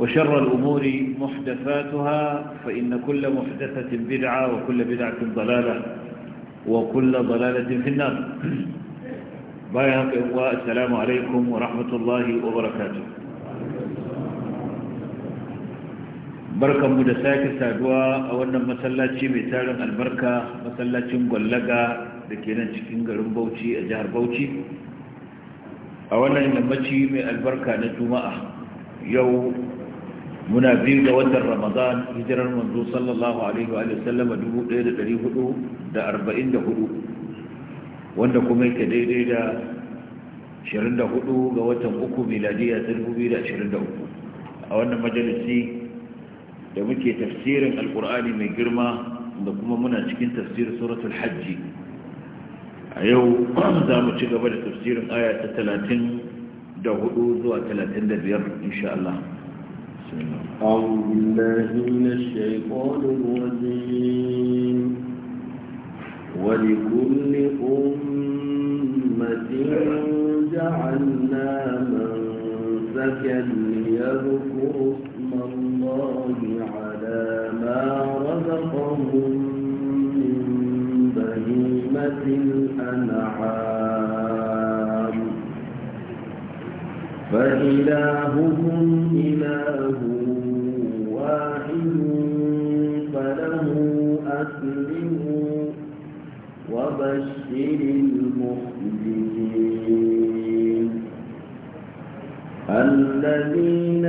وشر الأمور محدثاتها فإن كل محدثة بدعة وكل بدعة ضلالة وكل ضلالة في النار بايهم السلام عليكم ورحمة الله وبركاته barka mu da sake saduwa a wannan masallaci mai tarin albarka masallacin gwallaga da ke nan cikin garin bauci a jihar bauchi a wannan yammaci mai albarka na juma'a yau muna biyu da watan ramadan hijirar manzo sallallahu alaihi wa sallam sallama 1444 wanda kuma yake daidai da 24 ga watan uku miladiya 2023 a wannan majalisi da muke tafsirin alkur'ani mai girma da kuma muna cikin tafsir suratul hajji a yau za mu ci gaba da tafsirin aya ta 34 zuwa 35 insha Allah أعوذ بالله من الشيطان الرجيم ولكل أمة جعلنا منسكا ليذكر اسم الله على ما رزقهم من بهيمة الأنعام فإلهكم إله واحد فله وبشر المخبرين الذين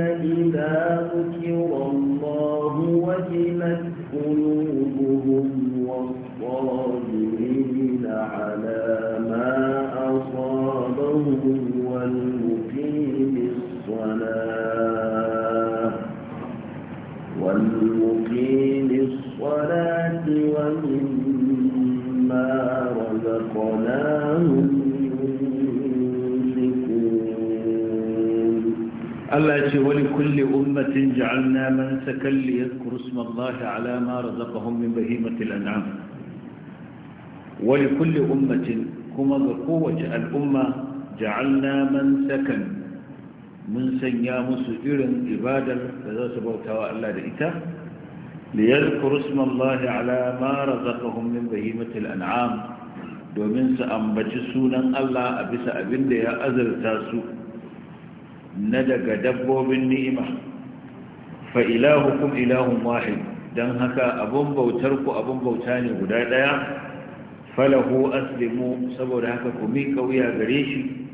رزقهم من بهيمة الأنعام ولكل أمة كما بقوة الأمة جعلنا من سكن من سنيام سئر إبادة فذا سبوتا وألا لإتا ليذكروا اسم الله على ما رزقهم من بهيمة الأنعام domin su ambaci sunan Allah a bisa abin da ya azurta su na daga dabbobin ni'ima fa ilahukum ilahun wahid don haka abun bautar ku abun bauta ne guda ɗaya falahu aslimu saboda haka ku mi wuya gare shi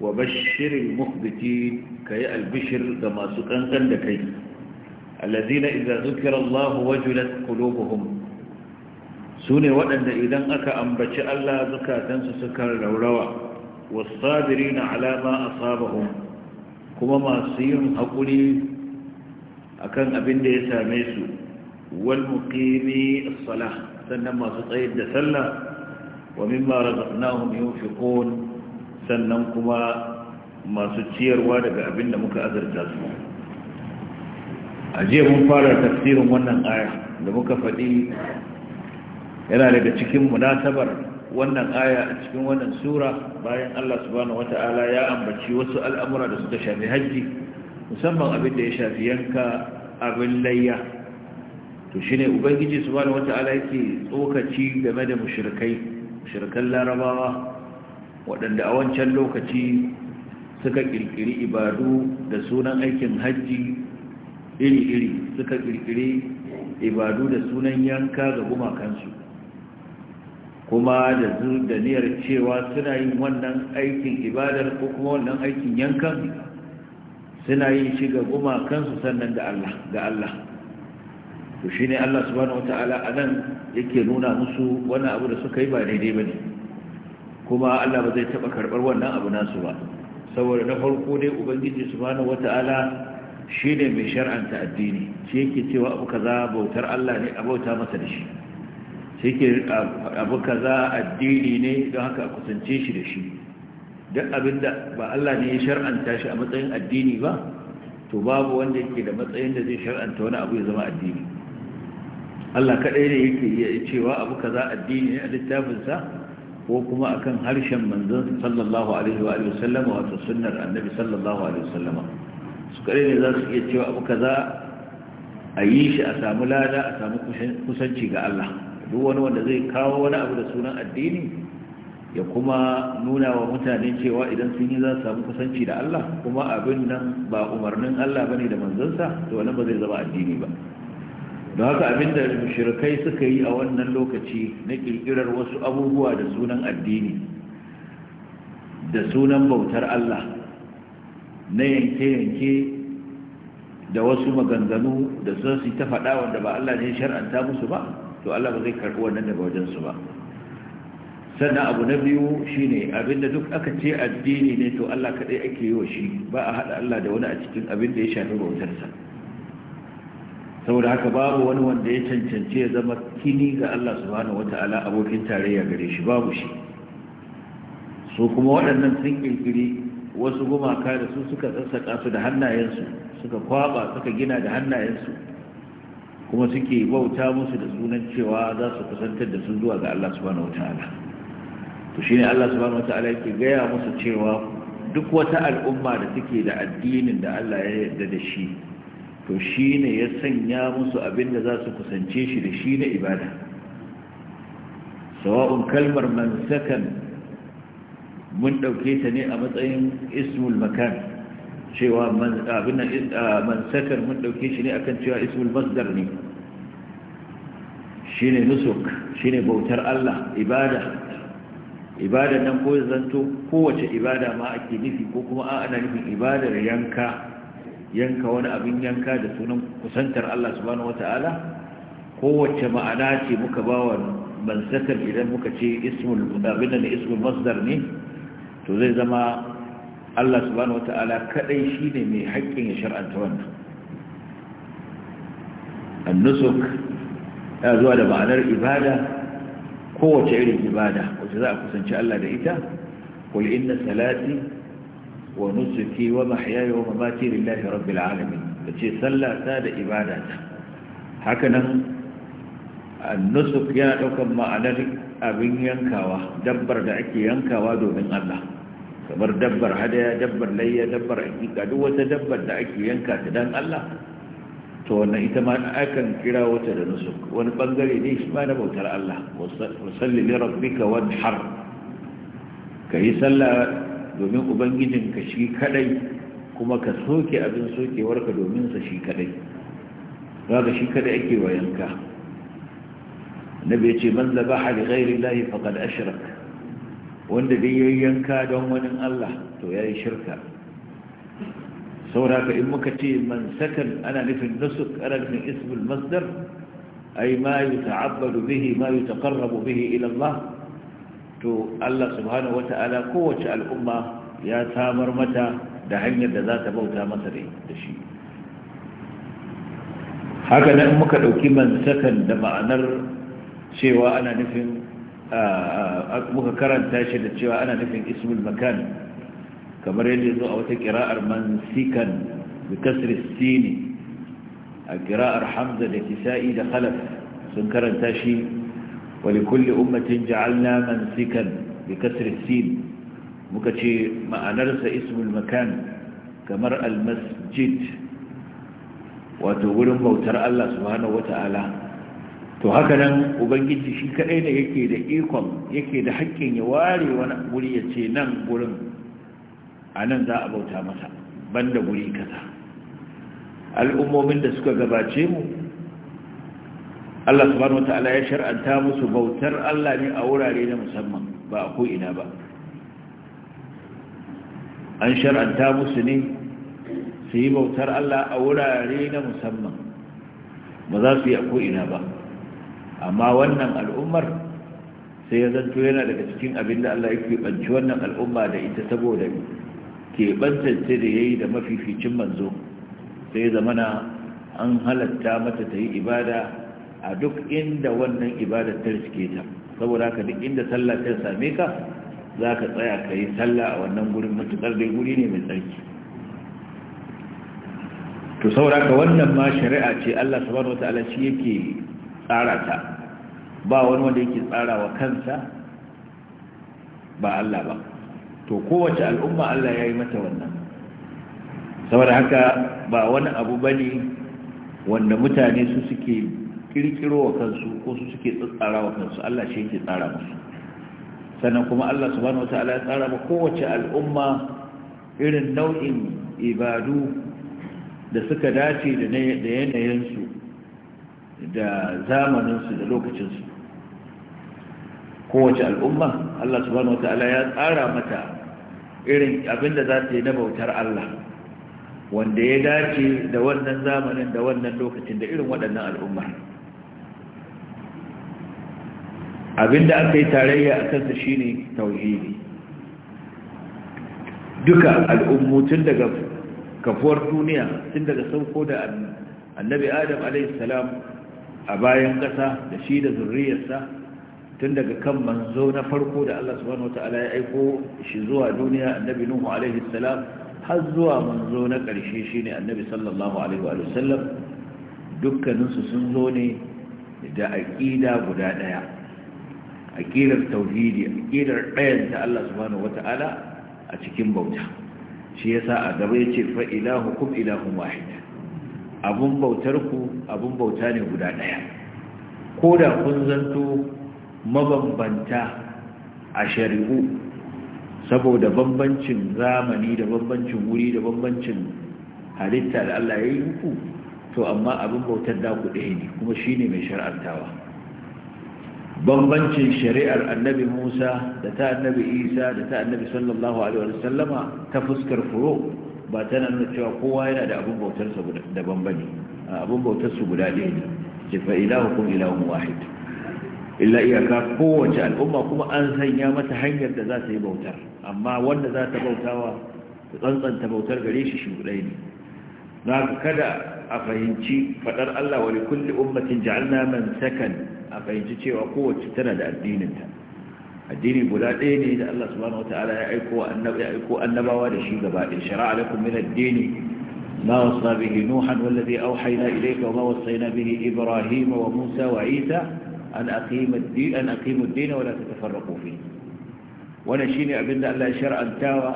wa bashirin muhbiti ka yi albishir ga masu ƙanƙan da kai allazina idza zukira Allah wajulat qulubuhum sune waɗanda idan aka ambaci Allah zukatansu suka raurawa wasabirina ala ma asabahum kuma masu yin haƙuri akan abin da ya same su والمقيمي الصلاة سنما تطيب دسلة ومما رزقناهم ينفقون سننكما ما ستشير وادك أبن مكأذر تاسمه أجيب مفارة تفسير من da لمك faɗi yana daga cikin munasabar wannan aya a cikin wannan sura bayan Allah subhanahu wata'ala ya ambaci wasu al'amura da suka shafi hajji musamman abin da ya shafi yanka abin layya to ne ubangiji wata wataala yake tsokaci game da mushrikai mushrikan larabawa waɗanda a wancan lokaci suka ƙirƙiri ibadu da sunan aikin hajji iri-iri suka ƙirƙiri ibadu da sunan yanka ga gumakansu kuma da da niyar cewa suna yin wannan aikin ibadar ko kuma wannan aikin yankan suna yin shiga gumakansu sannan ga Allah to shi ne Allah subhanahu wata'ala a nan yake nuna musu wani abu da suka yi ba daidai ba ne kuma Allah ba zai taɓa karɓar wannan abu nasu ba saboda na farko dai ubangiji subhanahu wata'ala shi ne mai shar'anta addini shi yake cewa abu kaza bautar Allah ne a bauta masa da shi shi yake abu kaza addini ne don haka a kusance shi da shi duk abinda ba Allah ne ya shar'anta shi a matsayin addini ba to babu wanda yake da matsayin da zai shar'anta wani abu ya zama addini Allah kaɗai ne yake iya cewa abu kaza addini a littafinsa ko kuma akan harshen manzon sallallahu alaihi wa sallama wasallama wato annabi sallallahu alaihi sallama. su kaɗai ne za su iya cewa abu kaza a yi shi a samu lada a samu kusanci ga Allah duk wani wanda zai kawo wani abu da sunan addini ya kuma nuna wa mutane cewa idan sun yi za su samu kusanci da Allah kuma abin nan ba umarnin Allah bane da manzansa to wannan ba zai zama addini ba Da haka abinda mushrikai suka yi a wannan lokaci na ƙirƙirar wasu abubuwa da sunan addini da sunan bautar Allah na yanke-yanke da wasu maganganu da sun su ta faɗa wanda ba Allah ne shar'anta musu ba to Allah ba zai karɓi wannan daga wajensu ba sannan abu na biyu shine abinda duk aka ce addini ne to Allah kaɗai ake yi wa shi ba a haɗa Allah da wani a cikin abin da ya shafi bautarsa saboda haka babu wani wanda ya cancanci ya zama kini ga Allah subhanahu wata'ala abokin tarayya gare shi babu shi su kuma waɗannan sun kirkiri wasu gumaka da su suka sassaƙa su da hannayensu suka kwaba suka gina da hannayensu kuma suke bauta musu da sunan cewa za su kusantar da su zuwa ga Allah subhanahu wata'ala to shine Allah subhanahu wata'ala yake gaya musu cewa duk wata al'umma da take da addinin da Allah ya yarda da shi to shi ne ya sanya musu abin da za su kusance shi da shi na ibada sawa'un kalmar man sakan mun ɗauke ta ne a matsayin ismul makan cewa abin ah, sakan mun ɗauke shi ne akan cewa ismul masdar ne shi ne nusuk shi ne bautar Allah ibada ibada nan ko zanto kowace ibada ma ake nufi ko kuma ana nufin ibadar yanka yanka wani abin yanka da sunan kusantar Allah subhanahu wata'ala kowace ma'ana ce muka bawa mansakan idan muka ce ismul abin da ismul masdar ne to zai zama Allah subhanahu wata'ala kadai shine mai haƙƙin ya shar'anta wannan annusuk ya zuwa da ma'anar ibada kowace irin ibada wacce za a kusanci Allah da ita qul inna salati wa nusuki wa mahyaya wa mamati lillahi rabbil alamin tace da ibada haka nan an-nusuk yana daukan ma'anar abin yankawa dabbar da ake yankawa domin Allah kamar dabbar hadaya dabbar layya dabbar hakika duk wata dabbar da ake yanka ta dan Allah to wannan ita ma akan kira wata da nusuk wani bangare ne shi na bautar Allah wasalli li rabbika wanhar kai sallah domin ubangijinka shi kadai kuma ka soke abin sokewarka domin sa shi kadai kaga shi kadai ake wayanka nabi yace man zabaha li ghairi llahi faqad ashrak wanda dai yayyanka don wani Allah to yayi shirka saboda in muka ce man sakan ana nufin nusuk ana nufin ismul masdar ay ma yuta'abbadu bihi ma yutaqarrabu bihi ila Allah to Allah subhanahu wata'ala kowace al'umma ya samar mata da hanyar da za ta bauta masa da shi haka nan muka ɗauki mansakan da ma'anar cewa ana nufin muka karanta shi da cewa ana nufin ismul makan kamar yadda zo a wata kira'ar mansikan bi kasri sini a kira'ar hamza da kisa'i da khalaf sun karanta shi ولكل أمة جعلنا منسكا بكسر السين مكتشي ما أنرس اسم المكان كمرأة المسجد وتقول موتر الله سبحانه وتعالى to haka nan ubangiji shi kadai da yake da ikon yake da hakkin ya ware wani guri ya ce nan gurin a nan za a bauta masa banda wuri kasa. al'ummomin da suka gabace mu Allah subhanahu wata'ala ya shar'anta musu bautar Allah ne a wurare na musamman ba a ko'ina ba an shar'anta musu ne su yi bautar Allah a wurare na musamman ba za su yi a ko'ina ba amma wannan al'ummar sai ya zanto yana daga cikin abin da Allah ya keɓanci wannan al'umma da ita saboda keɓantance da ya yi da mafificin manzo sai zamana an halatta mata ta yi ibada a duk inda wannan ibadar ta riske ta saboda ka duk inda sallah ta same ka za ka tsaya ka yi sallah a wannan gurin matuƙar dai guri ne mai tsarki to saboda ka wannan ma shari'a ce Allah subhanahu wataala shi yake tsara ta ba wani wanda yake tsara wa kansa ba Allah ba to kowace al'umma Allah ya yi mata wannan saboda haka ba wani abu bane wanda mutane su suke kirkiro wa kansu ko su suke tsara wa kansu Allah shi yake tsara musu sannan kuma Allah subhanahu wataala ya tsara ma kowace al'umma irin nau'in ibadu da suka dace da yanayinsu da zamaninsu da lokacinsu kowace al'umma Allah subhanahu wataala ya tsara mata irin abinda za ta yi na bautar Allah wanda ya dace da wannan zamanin da wannan lokacin da irin waɗannan al'ummar abinda aka yi tarayya a kansa shine tauhidi duka al'ummutun daga kafuwar duniya tun daga sauko da annabi adam alaihissalam a bayan ƙasa da shi da zurriyarsa tun daga kan manzo na farko da Allah subhanahu wata'ala ya aiko shi zuwa duniya annabi nuhu alaihissalam har zuwa manzo na ƙarshe shine annabi sallallahu alaihi wa sallam dukkaninsu sun zo ne da aƙida guda ɗaya aƙidar tauhidi aƙidar ɗayan ta Allah subhanahu wata'ala a cikin bauta shi yasa a gaba yace fa kum ilahu wahid abun bautar ku abun bauta ne guda ɗaya ko da kun zanto mabambanta a shari'u saboda bambancin zamani da bambancin wuri da bambancin halitta da Allah ya yi muku to amma abin bautar da ku ɗaya ne kuma shine mai shar'antawa bambancin shari'ar annabi musa da ta annabi isa da ta annabi sallallahu alaihi wa sallama ta fuskar furo ba tana nuna cewa kowa yana da abin bautar bautarsa daban bane abin su guda ɗaya ne ce fa ilahukum ilahun wahid illa iyaka kowace al'umma kuma an sanya mata hanyar da za ta yi bautar amma wanda za ta bautawa ta tsantsanta bautar gare shi shi guda ne za ka kada a fahimci faɗar Allah wani kulli ummatin ja'alna man sakan a fahimci cewa kowace tana da addininta addini guda ɗaya ne da Allah subhanahu wataala ya aiko annabi ya aiko annabawa da shi gaba in shara'a lakum min addini ma wasa bihi nuhan wallazi awhayna ilayka wa ma wasayna bihi ibrahim wa musa wa isa an aqim ad-din an aqim ad-din wa la tatafarraqu fihi wannan shine abinda Allah ya shar'anta wa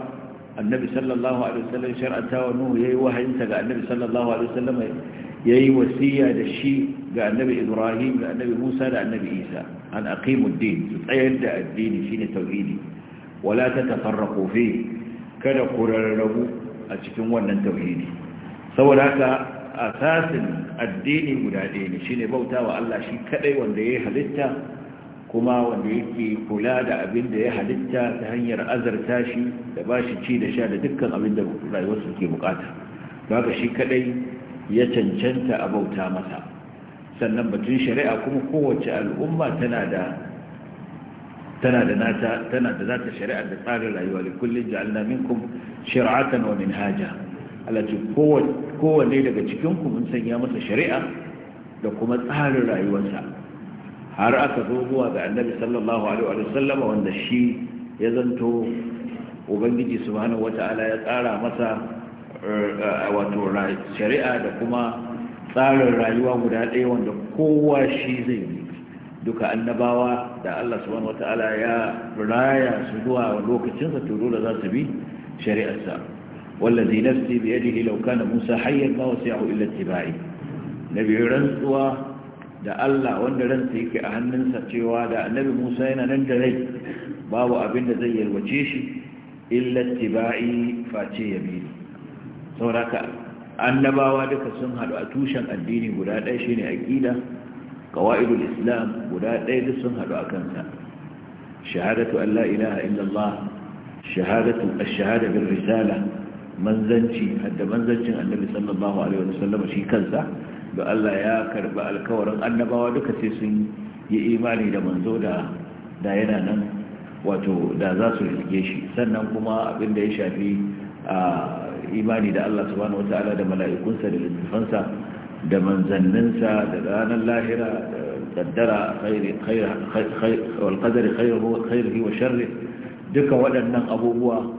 annabi sallallahu alaihi wasallam shar'anta wa nuhu yayi wahayin ta ga annabi sallallahu alaihi wasallam ya yi wasiya da shi ga annabi ibrahim da annabi musa da annabi isa an aqimuddin su tsayar da addini shine tauhidi wala tatafarraqu fi kada ku rarrabu a cikin wannan tauhidi saboda haka asasin addini guda ɗaya ne shine bautawa Allah shi kadai wanda ya halitta kuma wanda yake kula da abin da ya halitta ta hanyar azarta shi da bashi ci da sha da dukkan abin da rayuwarsa ke bukata ba shi kadai ya cancanta a bauta masa sannan batun shari'a kuma kowace al'umma tana da da nata tana da shari'a da tsarin rayuwa da kullum ja'alna minkum shir'atan wa haja alati kowanne daga cikin ku mun sanya masa shari'a da kuma tsarin rayuwarsa har aka zo zuwa ga annabi sallallahu alaihi wanda shi ya zanto ubangiji subhanahu wata'ala ya tsara masa Eh, wato shari'a da kuma tsarin rayuwa guda ɗaya wanda kowa shi zai yi duka annabawa da Allah subhanahu wata'ala ya raya su zuwa lokacinsa to da za su bi shari'arsa wallazi nafsi bi yadihi law kana musa hayyan ma wasi'ahu illa tibai nabi rantsuwa da Allah wanda ransa yake a hannunsa cewa da annabi Musa yana nan da rai babu abin da zai yalwace shi illa tibai face ya bi sauraka annabawa duka sun haɗu a tushen addini guda ɗaya shine aqida qawaidul islam guda ɗaya duk sun haɗu a kansa shahadatu allah ilaha illallah shahadatu ash-shahada risala manzanci hadda manzancin annabi sallallahu alaihi wasallam shi kansa da Allah ya karba alkawarin annabawa duka sai sun yi imani da manzo da da yana nan wato da za su rike shi sannan kuma abin da ya shafi A imani da Allah subhanahu ta'ala da mala'ikunsa da littafansa da manzanninsa da ranar lahira da kaddara walƙadari khairihi wa sharri duka waɗannan abubuwa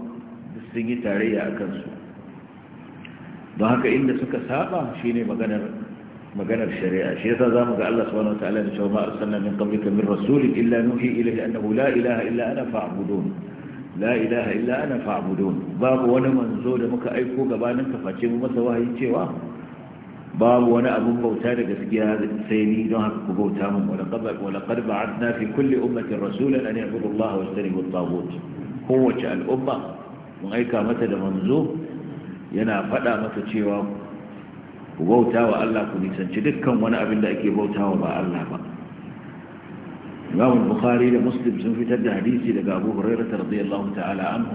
sun yi tarayya a kansu don haka inda suka saba shi ne maganar shari'a shi yasa zamu ga Allah subhanahu wataala da cewa ma arsalna min qablika min rasulin illa nuhi ilayhi annahu la ilaha illa ana fa'budun la ilaha illa ana fa'budun babu wani manzo da muka aiko gabanin ka face mu masa wahayi cewa babu wani abun bauta da gaskiya sai ni don haka ku bauta mun wala qad wala ba'athna fi kulli ummatin rasulan an ya'budu Allah wa yastanibu at-taghut kowace al'umma mun aika mata da manzo yana faɗa mata cewa ku bauta wa Allah ku nisanci dukkan wani abin da ake bautawa ba Allah ba الإمام البخاري لمسلم سنفت الحديث لك أبو هريرة رضي الله تعالى عنه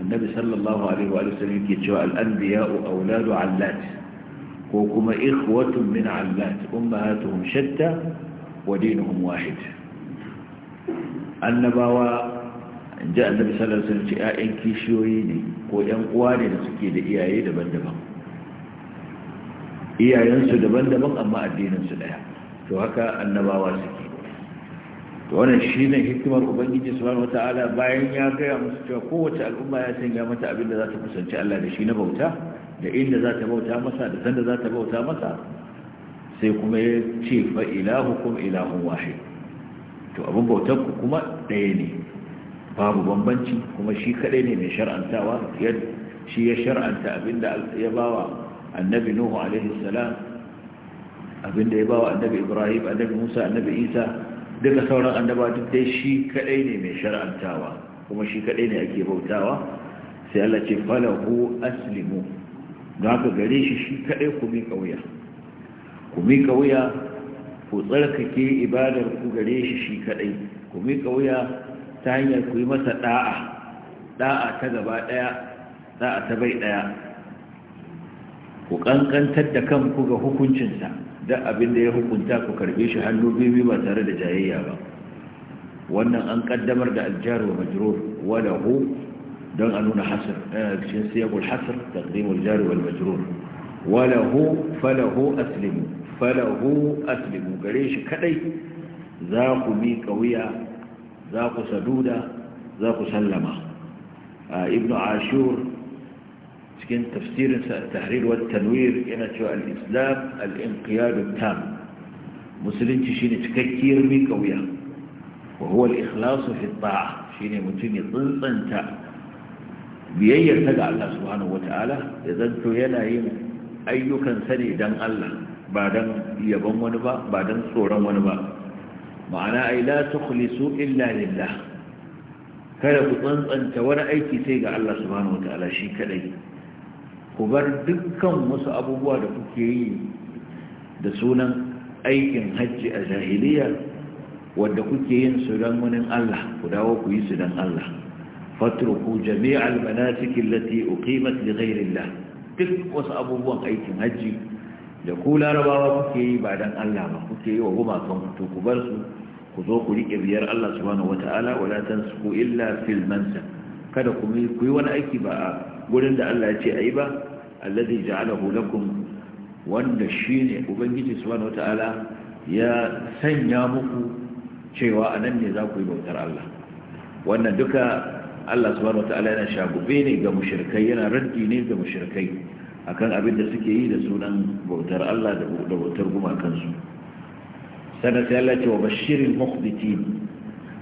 النبي صلى الله عليه وآله وسلم يقول الأنبياء أولاد علات وكما إخوة من علات أمهاتهم شتى ودينهم واحد النباوة جاء النبي صلى الله عليه وسلم أئن كيشويني وإن قواني نسكي لإيائي دبن دبن إيائي نسو دبن دبن أما الدين نسو لها فهكا النباوة سكي to wannan shine hikimar ubangiji wata wataala bayan ya gaya musu cewa kowace al'umma ya sanya mata abin da za ta kusanci Allah da shi na bauta da inda za ta bauta masa da sanda za ta bauta masa sai kuma ya ce fa ilahukum ilahun wahid to abin bautar ku kuma ɗaya ne babu bambanci kuma shi kadai ne mai shar'antawa shi ya shar'anta da ya bawa annabi nuhu alaihi salam da ya bawa annabi ibrahim annabi musa annabi isa duka sauran annaba duk dai shi kadai ne mai shar'antawa kuma shi kadai ne ake bautawa sai Allah ce falahu aslimu don haka gare shi shi kadai ku miƙa wuya ku miƙa wuya ku tsarkake ibadar ku gare shi shi kadai ku miƙa wuya ta hanyar ku yi masa da'a da'a ta gaba daya da'a ta bai daya ku kankantar da kanku ga hukuncinsa duk abin da ya hukunta ku karbe shi hannu bibi ba tare da jayayya ba wannan an kaddamar da aljar wa majrur wa lahu don a nuna hasr eh, cikin siyaqul hasr taqdimul jar wal majrur wa lahu falahu aslimu falahu aslimu gare shi kadai za ku mi kawiya za ku saduda za ku sallama ah, ibnu ashur cikin tafsirinsa a tahrir wa tanwir yana cewa al-islam al-inqiyadu tam musulunci shine cikakkiyar mi kauya wa huwa al-ikhlas fi ta'a shine mutum ya tsantsanta biyayyar ta ga Allah subhanahu wata'ala ya zanto yana yin ayyukan sa ne dan Allah ba dan yaban wani ba ba dan tsoron wani ba ma'ana ai la tukhlisu illa lillah kada ku tsantsanta wani aiki sai ga Allah subhanahu wataala shi kadai ku bar dukkan wasu abubuwa da kuke yi da sunan aikin hajji a jahiliya wadda kuke yin su don wani Allah ku dawo ku yi su don Allah fatruku jami'al manasikin lati uqimat li ghairillah duk wasu abubuwan aikin hajji da ku larabawa kuke yi ba don Allah ba kuke yi wa gumakan to ku bar su ku zo ku riƙe biyar Allah subhanahu wata'ala wala tansuku illa fil mansa kada ku yi wani aiki ba a gurin da Allah ya ce ayi ba alladhi ja'alahu lakum wanda shine ubangiji subhanahu wataala ya sanya muku cewa anan ne za ku yi bautar Allah wannan duka Allah subhanahu wataala yana shagube ne ga mushrikai yana raddi ne ga mushrikai akan abin da suke yi da sunan bautar Allah da bautar gumakansu sana sai Allah ce wa bashirin mukhbitin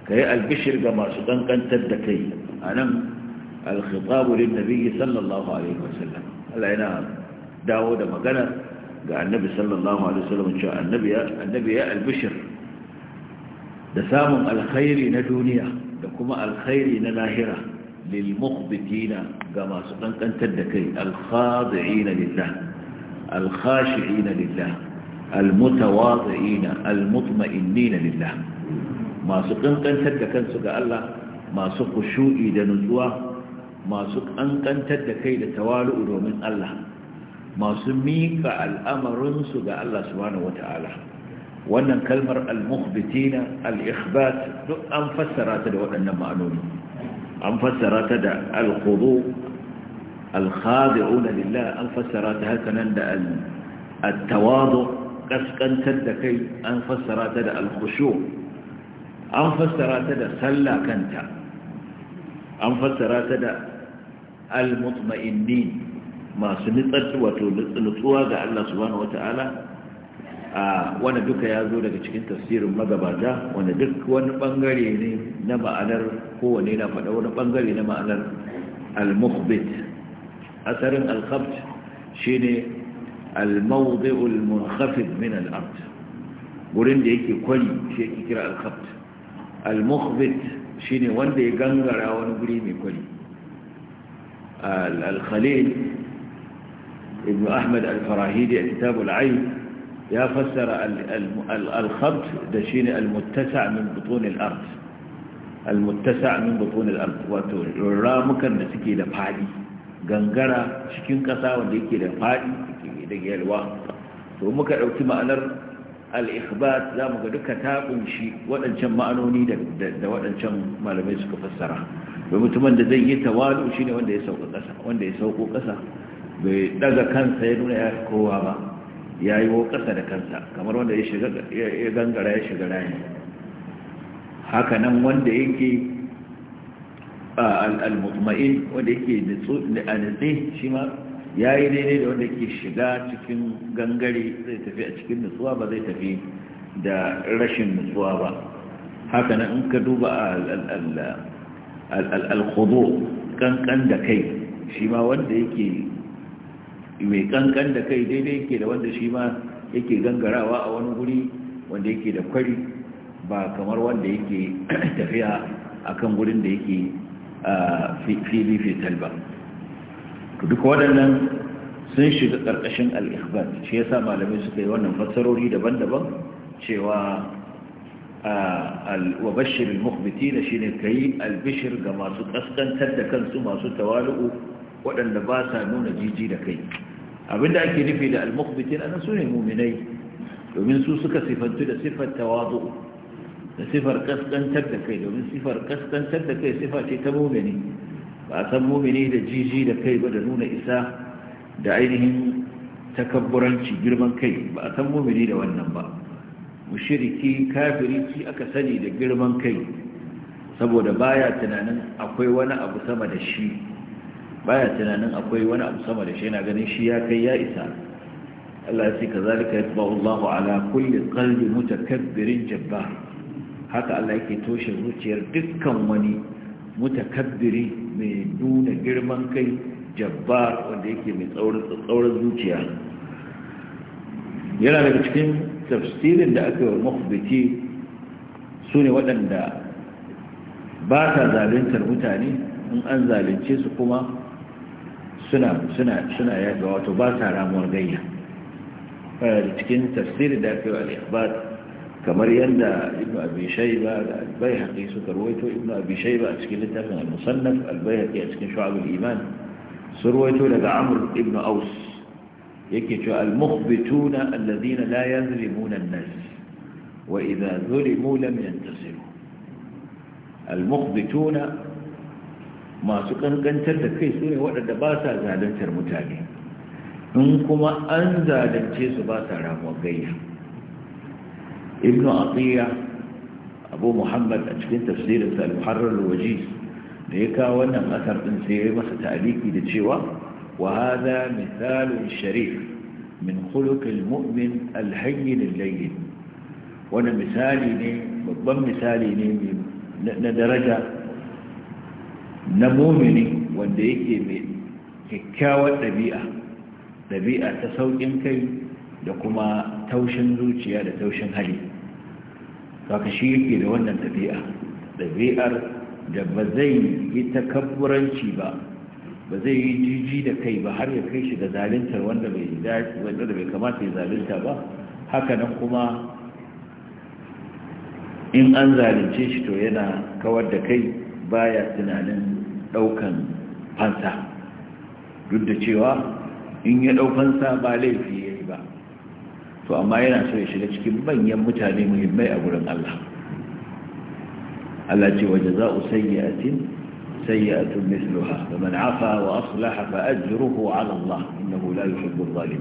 kai albishir ga masu dankantar da kai anan al-khitab lin nabiy sallallahu alaihi wasallam Allah yana dawo da magana ga annabi sallallahu alaihi wasallam cewa annabi ya annabi ya albishir da samun alkhairi na duniya da kuma alkhairi na lahira lil mukhbitina ga masu dankantar da kai alkhadi'ina lillah alkhashi'ina lillah almutawadi'ina almutma'innina lillah masu dankantar da kansu ga Allah masu kushu'i da nutsuwa masu ƙanƙantar da kai da tawalu'u domin Allah masu miƙa al'amarinsu ga Allah subhanahu wata'ala wannan kalmar al-mukhbitina al-ikhbat duk an fassara ta da waɗannan ma'anoni an fassara ta da al-khudu al-khadi'una lillah an fassara ta haka nan da al-tawadu kaskantar da kai an fassara ta da al-khushu an fassara ta da sallah kanta an fassara ta da al-mutma'innin masu nutsar wato nutsuwa ga Allah subhanahu wata'ala a wanda duka ya zo daga cikin tafsirin magabata wanda duk wani bangare ne na ma'anar kowane na faɗa wani bangare na ma'anar al-mukhbit asarin al-khabt shine al-mawdi'u al-munkhafid min al-ard gurin da yake kwari shi yake kira al-khabt al-mukhbit shine wanda ya gangara wani guri mai kwari الخليل ابن أحمد الفراهيدي كتاب العين يا فسر الخبط دشين المتسع من بطون الأرض المتسع من بطون الأرض وترامك النسكي لفعلي gangara cikin ƙasa da yake da faɗi da yalwa to muka ɗauki ma'anar al'ikhbat za mu ga duka ta ƙunshi waɗancan ma'anoni da waɗancan malamai suka fassara bai mutumin da zai yi tawalu ne wanda ya sauko kasa wanda ya sauko kasa bai daga kansa ya nuna ya kowa ba ya yi wo kasa da kansa kamar wanda ya shiga gangara ya shiga rani haka nan wanda yake al-mutma'in wanda yake da a nutse shi ma ya yi daidai da wanda ke shiga cikin gangare zai tafi a cikin nutsuwa ba zai tafi da rashin nutsuwa ba haka nan in ka duba al kankan da kai shi ma wanda yake mai kankan da kai daidai yake da wanda shi ma yake gangarawa a wani guri wanda yake da kwari ba kamar wanda yake tafiya a kan gurin da yake fili fital ba duk waɗannan sun shiga ƙarƙashin al'ikbar shi ya sa malamai suka yi wannan fassarori daban-daban cewa wa bashir al shi ne ka yi albishir ga masu ƙasƙantar da kansu masu tawalu'u waɗanda ba sa nuna jiji da kai abinda ake nufi da al-mukhbitin ana su ne muminai domin su suka sifantu da sifar tawazu da sifar ƙasƙantar da kai domin sifar ƙasƙantar da kai sifa ce ta mumini ba san mumini da jiji da kai ba da nuna isa da ainihin takabburanci girman kai ba a san mumini da wannan ba mushiriki kafiri aka sani da girman kai saboda baya tunanin akwai wani abu sama da shi baya tunanin akwai wani abu sama da shi yana ganin shi ya kai ya isa Allah ya ce kazalika yatba'u Allahu ala kulli qalbi mutakabbirin jabba haka Allah yake toshe zuciyar dukkan wani mutakabbiri mai nuna girman kai jabbar wanda yake mai tsaurin zuciya yana daga cikin tafsirin da aka yi wa makhbiti su ne waɗanda ba ta zaluntar mutane in an zalunce su kuma suna suna suna yaɗa wato ba ta ramuwar gayya cikin tafsirin da aka yi wa al'ihbar kamar yadda ibn abi shayba da albayhaqi suka ruwaito ibn abishai ba a cikin littafin al-musannaf albayhaqi a cikin shu'ab iman su ruwaito daga amur ibn aus yake cewa al-mukhbituna alladhina la yazlimuna an-nas wa idha zulimu lam yantasiru al-mukhbituna masu kankantar da kai sune waɗanda ba sa zaluntar mutane in kuma an zalunce su ba sa ramuwar gayya ibn atiya abu muhammad a cikin tafsirinsa al-muharrar wajiz da ya kawo wannan asar din sai ya masa ta'aliki da cewa وهذا مثال شريف من خلق المؤمن الهين اللين وانا مثالي ني babban misali ne na daraja na mumini wanda yake mai kyakkyawar ɗabi'a ɗabi'a ta sauƙin kai da kuma taushin zuciya da taushin hali saka shi yake da wannan ɗabi'a ɗabi'ar da ba zai yi takabburanci ba ba zai yi jiji da kai ba har ya kai shi da zaluntar wanda bai bai kamata ya zalunta ba haka nan kuma in an zalunce shi to yana kawar da kai baya tunanin daukan fansa duk da cewa in ya daukan sa ba laifi yi ba to amma yana so ya shiga cikin manyan mutane muhimmai a gurin Allah Allah ce wa jaza'u sayyi'atin سيئة مثلها فمن عفا وأصلح فأجره على الله إنه لا يحب الظالم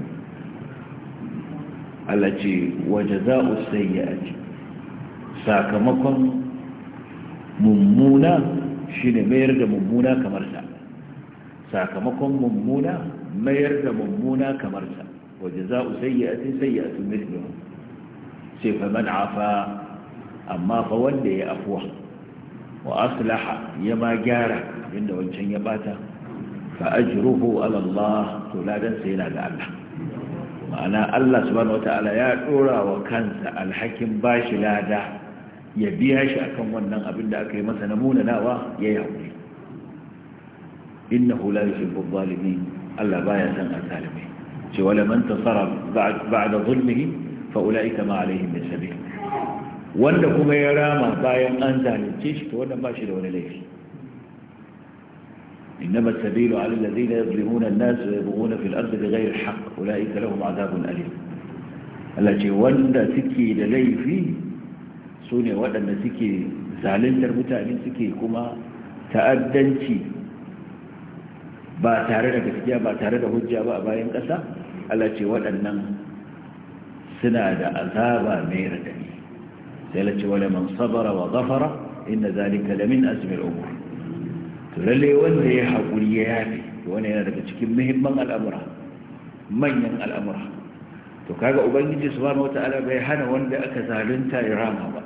التي وجزاء السيئة ساكمكم ممونة شين مير ممونة كمرسا ساكمكم ممونة مير ممونة كمرسا وجزاء سيئة سيئة مثلها سيف من عفا أما فولي أفوه wa aslaha ya ma gyara abinda wancan ya bata fa ajruhu ala Allah to ladan sai yana ga Allah ma'ana Allah subhanahu wata'ala ya dora wa kansa alhakin bashi lada ya biya shi akan wannan abin da aka yi masa na munanawa ya yi haƙuri innahu la yuhibbu adh-dhalimin Allah baya san adh-dhalimin ce man tasara ba'da zulmihi fa ulaika ma alaihim min sabil wanda kuma ya rama bayan an zalunce shi to wannan ba shi da wani laifi إنما السبيل على الذين يظلمون الناس ويبغون في الأرض بغير الحق أولئك لهم عذاب أليم التي ولد سكي للي فيه سوني ولد سكي زالين المتعلم سكي كما تأدنتي ba tare da gaskiya ba tare da hujja ba a bayan ƙasa Allah ce waɗannan suna da azaba naira radadi sai la ce wala man sabara wa ghafara inna zalika la min azmi to lalle wanda ya hakuri ya yafi wannan yana daga cikin muhimman al'amura manyan al'amura to kaga ubangiji subhanahu wata'ala bai hana wanda aka zalunta ya rama ba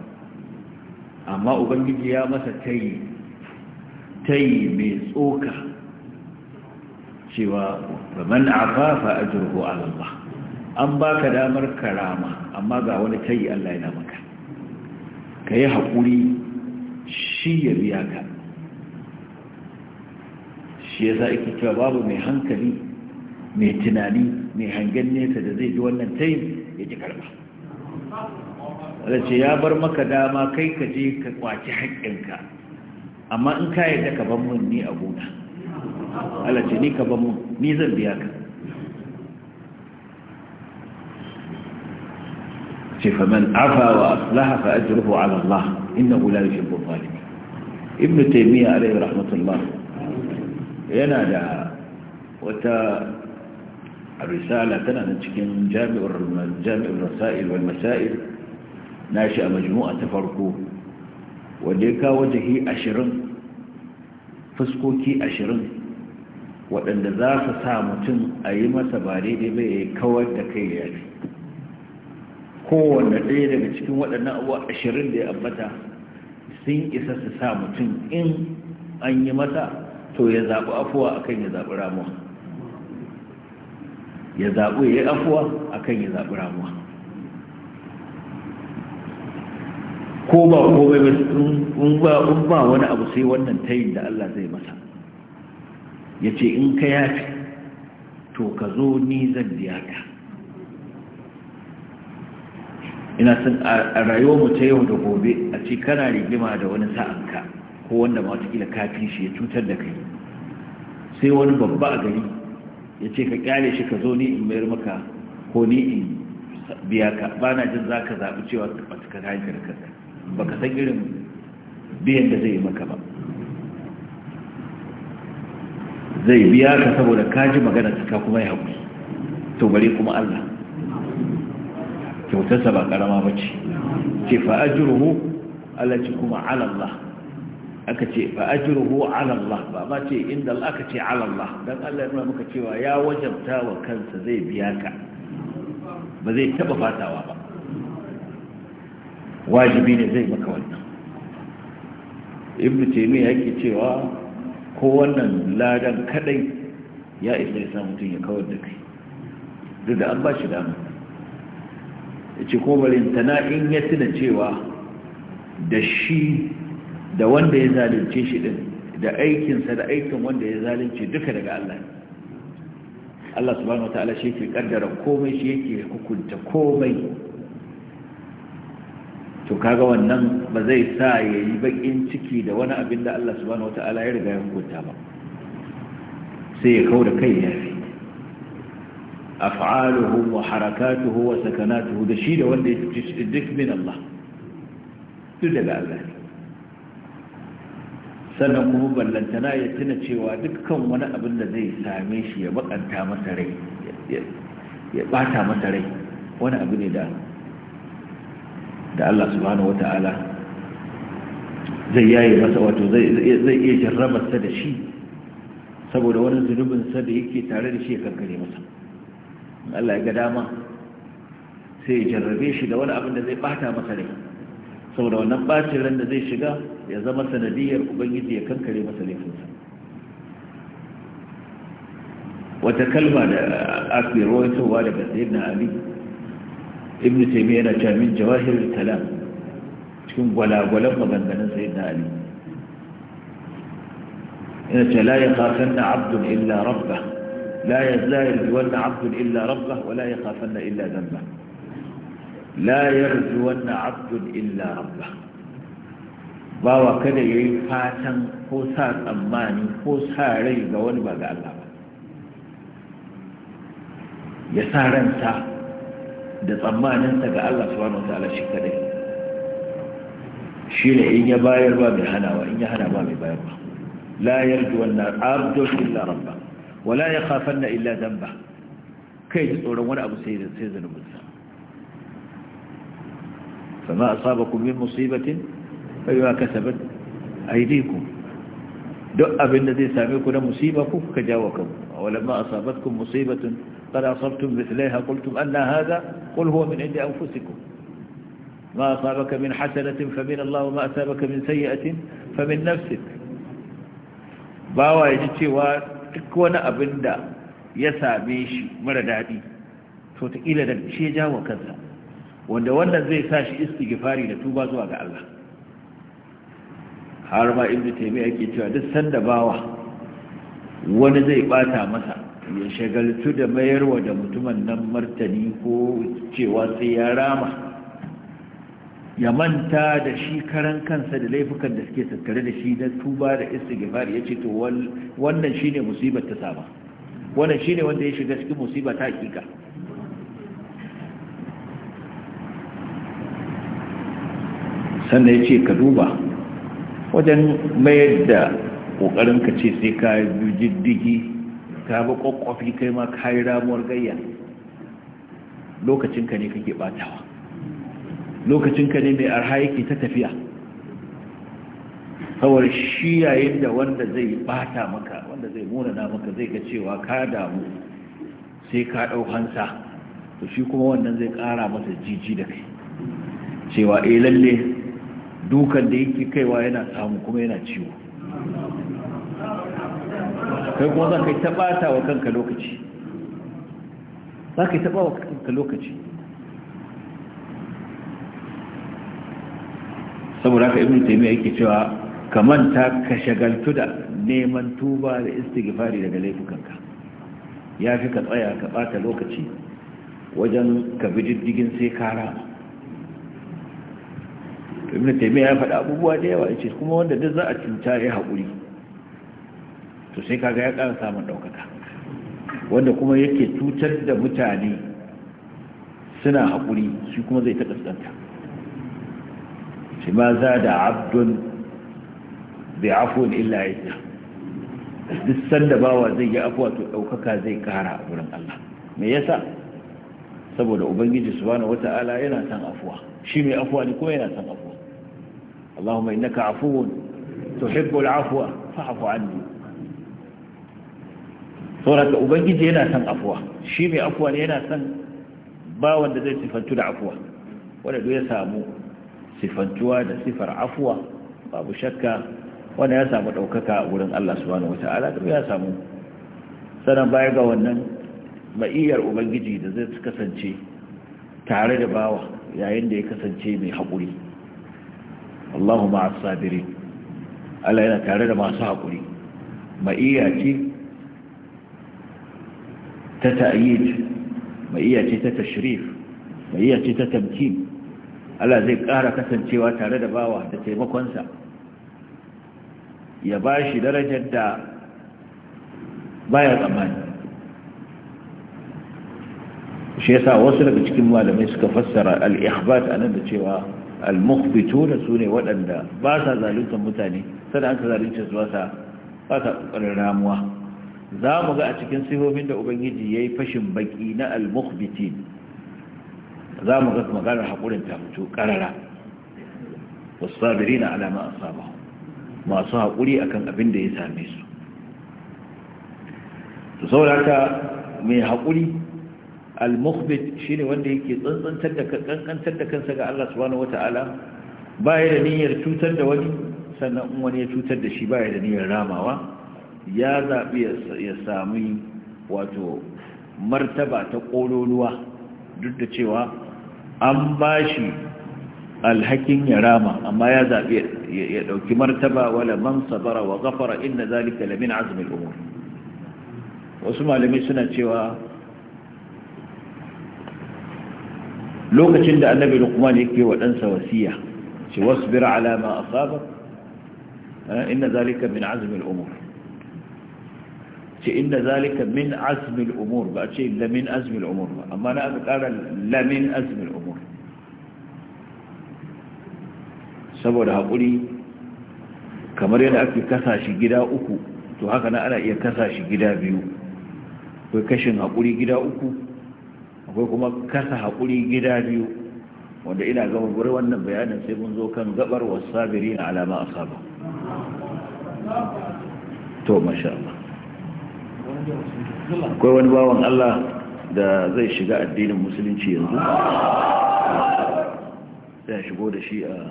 amma ubangiji ya masa tayi mai tsoka cewa man afafa ajruhu ala Allah an baka damar karama amma ga wani tayi Allah yana ba ka yi haƙuri shi ya biya ka shi ya za ake babu mai hankali mai tunani mai hangen nesa da zai ji wannan tayin ya ji karba wadda ce ya bar maka dama kai ka je ka kwaci haƙƙinka amma in ka yi ka ban mun ni a gona ala ce ni ka ban mun ni zan biya ka ce faman afa wa aslaha fa ajruhu ala Allah innahu la yuhibbu zalimin ibn taymiya alayhi rahmatullah yana da wata risala tana nan cikin jami'ur jami'ur rasail wal masail nashi a majmu'a ta farko wanda ya kawo jahi 20 fuskoki 20 waɗanda za su sa mutum a yi masa ba daidai bai kawar da kai ya fi kowanne ɗaya daga cikin waɗannan abuwa ashirin da ya ambata sun isa su sa mutum in an yi masa to ya zaɓi afuwa kan ya zaɓi ramuwa ya zaɓi ya yi afuwa akan ya zaɓi ramuwa ko ba komai ba in ba wani abu sai wannan tayin da Allah zai masa ya ce in ka yafi to ka zo ni zan biya ka ina san a rayuwar mu ta yau da gobe a ce kana rigima da wani sa'anka ko wanda ma ka fi shi ya cutar da kai sai wani babba a gari ya ce ka kyale shi ka zo ni in mayar maka ko ni in biya ka ba na jin za ka zaɓi cewa ba ka hajjar kanka ba ka san irin biyan da zai yi maka ba zai biya ka saboda ka ji magana ta kuma ya hau to bare kuma Allah kyautarsa ba ƙarama ba ce ce fa'ajiruhu Allah ce kuma alallah aka ce fa'ajiruhu alallah ba ma ce inda aka ce alallah don Allah yana muka cewa ya wajabta wa kansa zai biya ka ba zai taba fatawa ba wajibi ne zai maka wannan ibn taymiya yake cewa ko wannan ladan kadai ya isa ya sa mutum ya kawar da kai duk da an ba shi dama ya ce ko balintana in ya tuna cewa da shi da wanda ya zalunce shi din da aikinsa da aikin wanda ya zalunce duka daga Allah Allah subhanahu wataala shi yake kaddara komai shi yake hukunta komai to kaga wannan ba zai sa ya yi bakin ciki da wani abin da Allah subhanahu wataala ya riga ya hukunta ba sai ya kauda kai ya fi af'aluhu wa harakatuhu wa sakanatuhu da shi da wanda ya ci duk min Allah duk daga Allah sannan kuma ballantana ya tuna cewa dukkan wani abin da zai same shi ya bakanta masa rai ya bata masa rai wani abu ne da da Allah subhanahu ta'ala zai yaye masa wato zai iya jarrabarsa da shi saboda wani zunubinsa da yake tare da shi ya kankare masa Allah ya ga dama sai ya jarrabe shi da wani abin da zai bata masa rai saboda wannan bacin ran da zai shiga ya zama sanadiyar ubangiji ya kankare masa laifinsa wata kalma da akwai rawaitowa daga sayyidina ali ibn taymiyyah yana cewa min jawahirul kalam cikin gwalagwalan maganganun sayyidina ali yana cewa la yakhafanna 'abdun illa rabbah لا لا يرجون عبد إلا ربه ولا يخافن إلا ذنبه لا يرجون عبد إلا ربه bawa kada ya yi fatan ko sa tsammani ko sa rai ga wani ba ga Allah ba ya sa ranta da tsammaninsa ga Allah subhanahu wa ta'ala shi kadai shi ne in ya bayar ba mai hanawa in ya hana ba mai bayar ba la yarju wannan abdul illa rabba wala ya na illa dhanba kai ji tsoron wani abu sai sai zanubin sa fama asabakum musibatin fa yuwa kasabat duk abin da zai sami ku na musiba ku kuka jawo kanku ولما أصابتكم مصيبة قد أصبتم مثليها قلتم أن هذا قل هو من عند أنفسكم ما أصابك من حسنة فمن الله وما أصابك من سيئة فمن نفسك باوا يجي cewa duk wani abin da ya same shi mara daɗi to ta ila da ce jawo kansa wanda wannan zai sa shi istighfari da tuba zuwa ga Allah har ma ibnu taymiya yake cewa duk sanda bawa wani zai bata masa ya shagaltu da mayarwa da mutumin nan martani ko cewa sai ya rama ya manta da shi karan kansa da laifukan da suke tattare da shi da tuba da istighfar ya ce to wannan shine musibar ta saba wannan shine wanda ya shiga cikin musiba ta hakika sannan ya ce ka duba wajen mayar da ƙoƙarinka ka ce sai ka yi jiddigi ka ba ƙwaƙwafi kai ma ka yi ramuwar gayya lokacinka ne kake batawa lokacinka ne mai arha yake ta tafiya kawar shi yayin da wanda zai bata maka wanda zai munana maka zai ga cewa ka damu sai ka ɗau hansa to shi kuma wannan zai ƙara masa jiji da kai cewa eh lalle dukan da yake kaiwa yana samu kuma yana ciwo kai kuma za ka yi taɓata wa kanka lokaci za ka yi taɓa wa kanka lokaci saboda haka ibnu taymiya yake cewa ka manta ka shagaltu da neman tuba da istighfari daga laifukanka ya fi ka tsaya ka bata lokaci wajen ka bi diddigin sai ka rama ibn taymiya ya faɗa abubuwa da yawa yace kuma wanda duk za a cinta ya haƙuri to sai kaga ya ƙara samun ɗaukaka wanda kuma yake cutar da mutane suna haƙuri shi kuma zai ta ƙasƙanta shi ma za da abdun bai afuwan illa ya duk sanda bawa zai yi afuwa to ɗaukaka zai ƙara a wurin Allah me yasa saboda ubangiji subhanahu wata'ala yana san afuwa shi mai afuwa ne ko yana san afuwa Allahumma innaka afuwun tuhibbul afwa fa'fu anni saboda ubangiji yana san afuwa shi mai afuwa ne yana san bawan da zai sifantu da afuwa wanda duk ya samu sifantuwa da sifar afuwa babu shakka wanda ya samu ɗaukaka a wurin Allah subhanahu wata'ala da ya samu sanan baya ga wannan ma'iyyar ubangiji da zai kasance tare da bawa yayin da ya kasance mai haƙuri Allahu ma'as sabiri Allah yana tare da masu haƙuri ma'iyya ce ta ta'ayyid ma'iyya ce ta tashrif ma'iyya ce ta tamkin Allah zai ƙara kasancewa tare da bawa da taimakonsa ya ba shi darajar da baya tsammani shi yasa wasu daga cikin malamai suka fassara al a nan da cewa al su sune waɗanda ba sa zalunta mutane sai an ka zalunce su ba sa ba sa ƙoƙarin ramuwa za mu ga a cikin sihomin da ubangiji ya yi fashin baƙi na al-mukhbitin za mu ga maganar haƙurin ta mutu ƙarara wasu sabiri na alama a saba masu haƙuri akan abin da ya same su su mai haƙuri al-mukhbit shine wanda yake tsantsantar da da kansa ga Allah subhanahu wata'ala baya da niyyar cutar da wani sannan wani ya cutar da shi baya da niyyar ramawa ya zabi ya sami wato martaba ta ƙololuwa duk da cewa an ba shi alhakin ya rama amma ya zaɓi ya ɗauki martaba wala man sabara wa gafara inda zalika lamin azumin umar wasu malami suna cewa lokacin da annabi lukman yake wa ɗansa wasiya ce wasbir ala ma asaba inna zalika min azmil umur ce inna zalika min azmil umur ba ce la min azmil umur ba amma na aka ƙara la min azmil umur saboda haƙuri kamar yadda ake kasa shi gida uku to haka na ana iya kasa shi gida biyu akwai kashin haƙuri gida uku akwai kuma kasa haƙuri gida biyu wanda ina gama gure wannan bayanin sai mun zo kan gabar wasu wasabiri na alama a saba to masha Allah akwai wani bawan Allah da zai shiga addinin musulunci yanzu ya shigo da shi a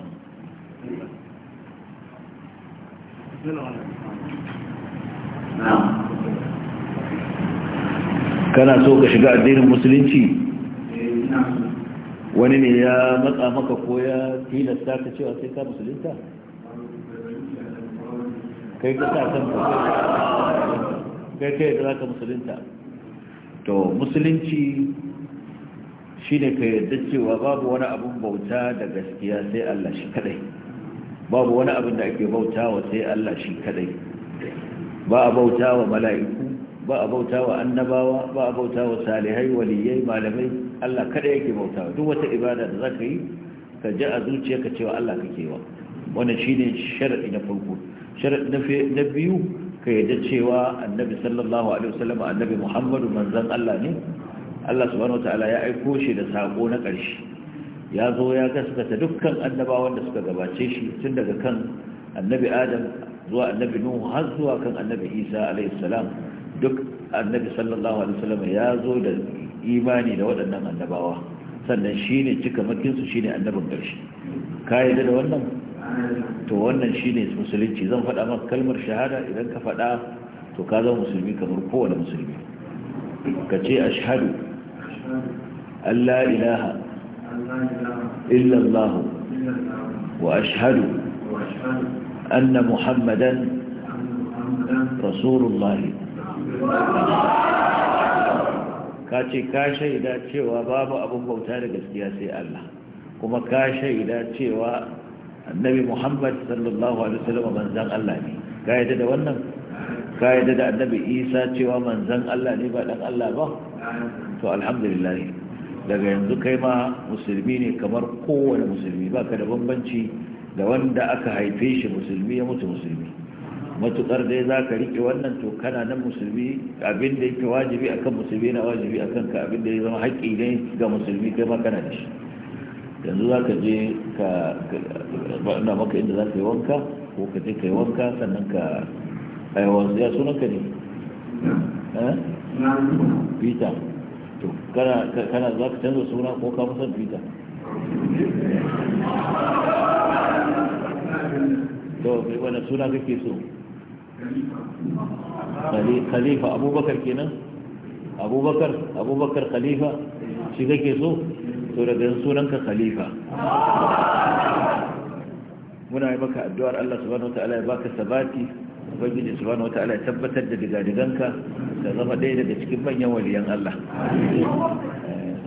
kana so ka shiga addinin musulunci wani ne ya matsa maka ko ya tilasta ka cewa sai ka musulunta kai ka sa san kai kai da za ka musulunta to musulunci shine ka yarda cewa babu wani abun bauta da gaskiya sai Allah shi kadai babu wani abin da ake bautawa sai Allah shi kadai ba a bautawa mala'iku ba a bautawa annabawa ba a bautawa salihai waliyai malamai Allah kadai yake bautawa duk wata ibada da zaka yi ka ji a zuciyarka cewa Allah kake wa wannan shine sharadi na farko sharadi na biyu ka yadda cewa annabi sallallahu alaihi wasallam annabi Muhammadu manzon Allah ne Allah subhanahu wataala ya aiko shi da sako na ƙarshe ya zo ya gaskata dukkan annabawan da suka gabace shi tun daga kan annabi adam zuwa annabi nuhu har zuwa kan annabi isa alaihi salam duk annabi sallallahu alaihi wasallam ya zo da imani da waɗannan annabawa sannan shi ne cika makinsu ne annabin ƙarshe ka yi da wannan to wannan shi ne musulunci zan faɗa maka kalmar shahada idan ka faɗa to ka zama musulmi kamar kowane musulmi ka ce ashhadu an la ilaha إلا الله وأشهد أن محمدا رسول الله kace ka shaida cewa babu abin bauta da gaskiya sai Allah kuma ka shaida cewa annabi Muhammad sallallahu alaihi wasallam manzon Allah ne ka yadda da wannan ka yadda da annabi Isa cewa manzon Allah ne ba dan Allah ba to alhamdulillah daga yanzu kai ma musulmi ne kamar kowane musulmi ba ka da bambanci da wanda aka haife shi musulmi ya mutu musulmi matukar dai za ka riƙe wannan to kana nan musulmi abin da yake wajibi akan musulmi na wajibi akan ka abin da ya zama haƙƙi ne ga musulmi kai ma kana da shi yanzu za ka je ka na maka inda za ka yi wanka ko ka je ka yi wanka sannan ka aiwa ya sunanka ne Peter kana za ka canza suna ko ka san twitter to wani suna kake so khalifa abubakar kenan abubakar abubakar khalifa shi kake so to daga sunan ka khalifa muna yi baka addu'ar Allah subhanahu wa ta'ala ya baka sabati ubangiji subhanahu wataala ya tabbatar da digadiganka ka zama ɗaya daga cikin manyan waliyan Allah eh,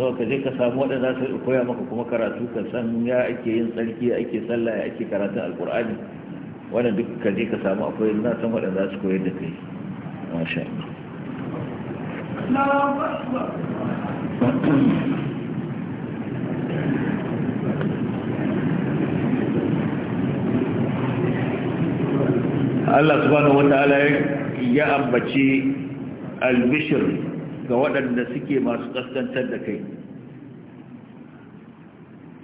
sau ka je ka samu waɗanda za su koya maka kuma karatu ka san ya ake yin tsarki ake sallah ya ake karatun Alƙur'ani wanda duk ka je ka samu akwai na san waɗanda za su koyar da kai masha Allah subhanahu wataala ya ambaci albishir ga waɗanda suke masu kaskantar da kai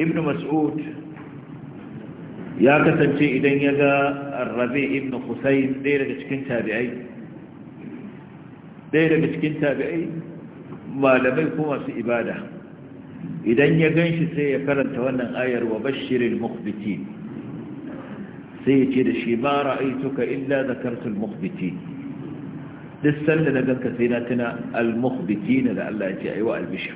ibn mas'ud ya kasance idan ya ga rabi ibn husayn ɗaya daga cikin tabi'ai ɗaya daga cikin tabi'ai malamai ko masu ibada idan ya ganshi sai ya karanta wannan ayar wa bashirin mukhbitin sai ya ce da shi ma ra'aituka illa zakartul mukhbiti duk sanda na ganka sai na tuna al-mukhbiti da Allah ya ce ayi wa albishir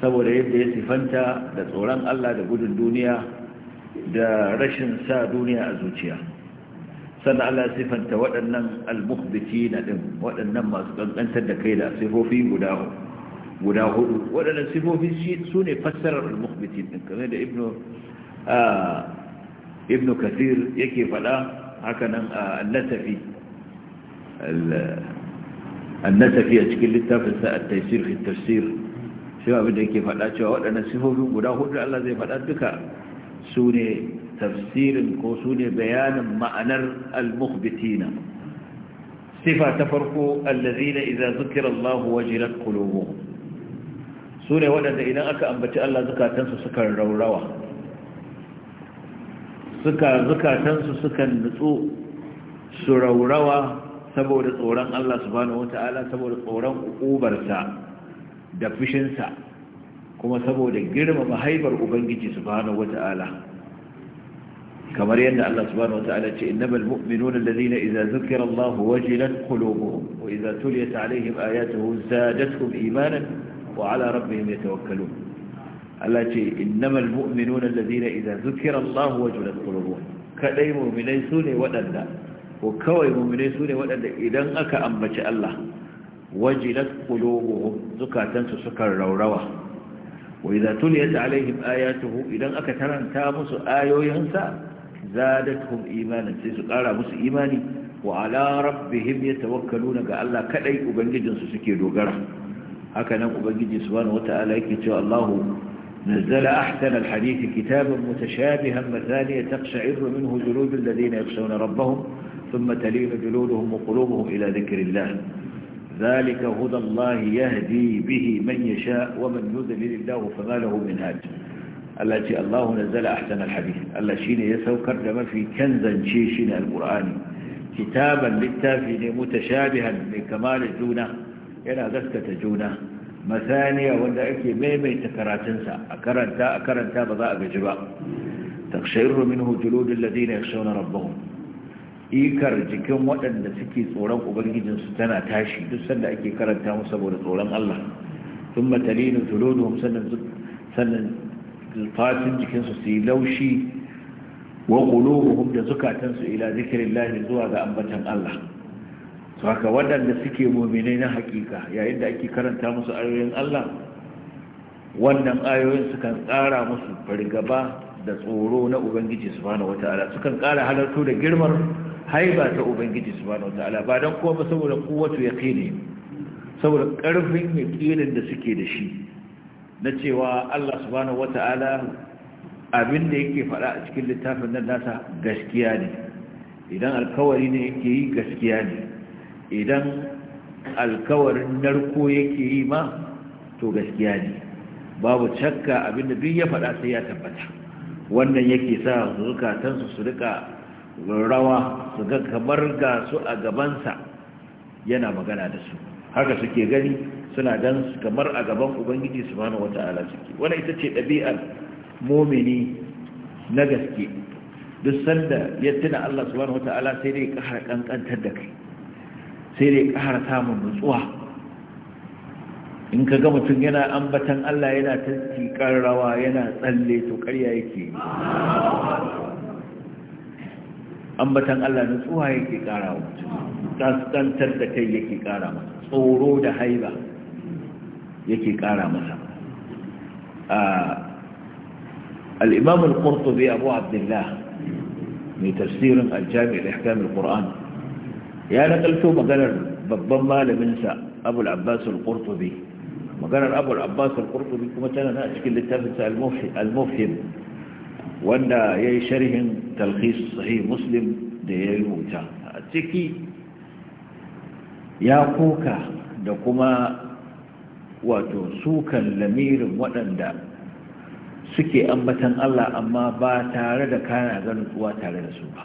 saboda yadda ya sifanta da tsoron Allah da gudun duniya da rashin sa duniya a zuciya sannan Allah ya sifanta waɗannan al-mukhbiti na din waɗannan masu kankantar da kai da sifofi guda guda hudu waɗannan sifofi su ne fassarar al-mukhbiti din kamar da ibnu ah, ibn kathir yake faɗa haka nan a annasafi annasafi a cikin littafin littafinsa a taisir fi tafsir shi abin da yake faɗa cewa waɗannan sifofin guda hudu Allah zai faɗa duka su ne tafsirin ko su ne bayanin ma'anar al-mukhbitina sifa ta farko allazina idza zukira Allah wajilat qulubuhum Sune ne waɗanda idan aka ambaci Allah zukatansu suka raurawa suka zukatansu sukan nutsu su raurawa saboda tsoron Allah subhanahu wata'ala saboda tsoron ukubarsa da fushinsa kuma saboda girmama haifar ubangiji subhanahu wata'ala kamar yadda Allah subhanahu wata'ala ce innamal mu'minuna alladhina idza zukira Allah wajilat qulubuhum wa idza tuliyat alaihim ayatuhu zadatuhum imanan wa ala rabbihim yatawakkalun Allah ce innamal mu'minuna allazina idza zukira Allah wajadat qulubuhum kadai mu'minai sune wadanda ko kawai mu'minai sune wadanda idan aka ambaci Allah wajadat qulubuhum zukatansu suka raurawa wa idza tuliyat alaihim ayatuhu idan aka taranta musu ayoyinsa zadatuhum imanan sai su kara musu imani wa ala rabbihim yatawakkaluna ga Allah kadai ubangijinsu suke dogara haka nan ubangiji subhanahu wata'ala yake cewa Allahu نزل أحسن الحديث كتابا متشابها مثانية تقشعر منه جلود الذين يخشون ربهم ثم تلين جلودهم وقلوبهم إلى ذكر الله ذلك هدى الله يهدي به من يشاء ومن يذلل الله فما له من هاج التي الله نزل أحسن الحديث التي يسوكر لما في كنزا شيشنا القرآن كتابا للتافين متشابها لكمال الجونة إلى ذكة جونة masaniya wanda ake maimaita karatunsa a karanta a karanta ba za a gaji ba takshayru minhu juludul ladina yakhshawna rabbahum ikar jikin waɗanda suke tsoron ubangijinsu tana tashi duk sanda ake karanta musu saboda tsoron Allah thumma talinu juluduhum sannan sannan fatin jikinsu su yi laushi wa qulubuhum da zukatansu ila lahi zuwa ga ambatan Allah haka waɗanda suke mominai na hakika yayin da ake karanta musu ayoyin Allah wannan ayoyin sukan ƙara musu fargaba da tsoro na ubangiji subhanahu wata'ala sukan ƙara halarto da girmar haiba ta ubangiji subhanahu wata'ala ba don kuma saboda kuwatu yaqini saboda ƙarfin yaqinin da suke da shi na cewa Allah subhanahu wata'ala abin da yake faɗa a cikin littafin nan nasa gaskiya ne idan alkawari ne yake yi gaskiya ne idan alkawarin narko yake yi ma to gaskiya ne babu cakka da duk ya faɗa sai ya tabbata wannan yake sa zukatansu su rika rawa su ga kamar ga su a gabansa yana magana da su haka suke gani suna dan kamar a gaban ubangiji subhanahu wata'ala suke wannan ita ce ɗabi'ar mumini na gaske duk sanda ya tuna Allah subhanahu wata'ala sai dai ya ƙara ƙanƙantar da kai sai dai ƙara samun nutsuwa in ka ga mutum yana ambatan Allah yana ta tikar rawa yana tsalle to ƙarya yake ambatan Allah nutsuwa yake ƙara wa mutum tsantar da kai yake ƙara masa tsoro da haiba yake ƙara masa الإمام القرطبي أبو عبد الله من تفسير الجامع لإحكام القرآن ya nakalto maganar babban malaminsa abu abbas al maganar abu abbas al kuma tana na cikin littafinsa al-mufhim wanda yayi sharhin talkhis sahi muslim da ya rubuta a ciki ya koka da kuma wato sukan lamirin waɗanda suke ambatan Allah amma ba tare da kana ganin tsuwa tare da su ba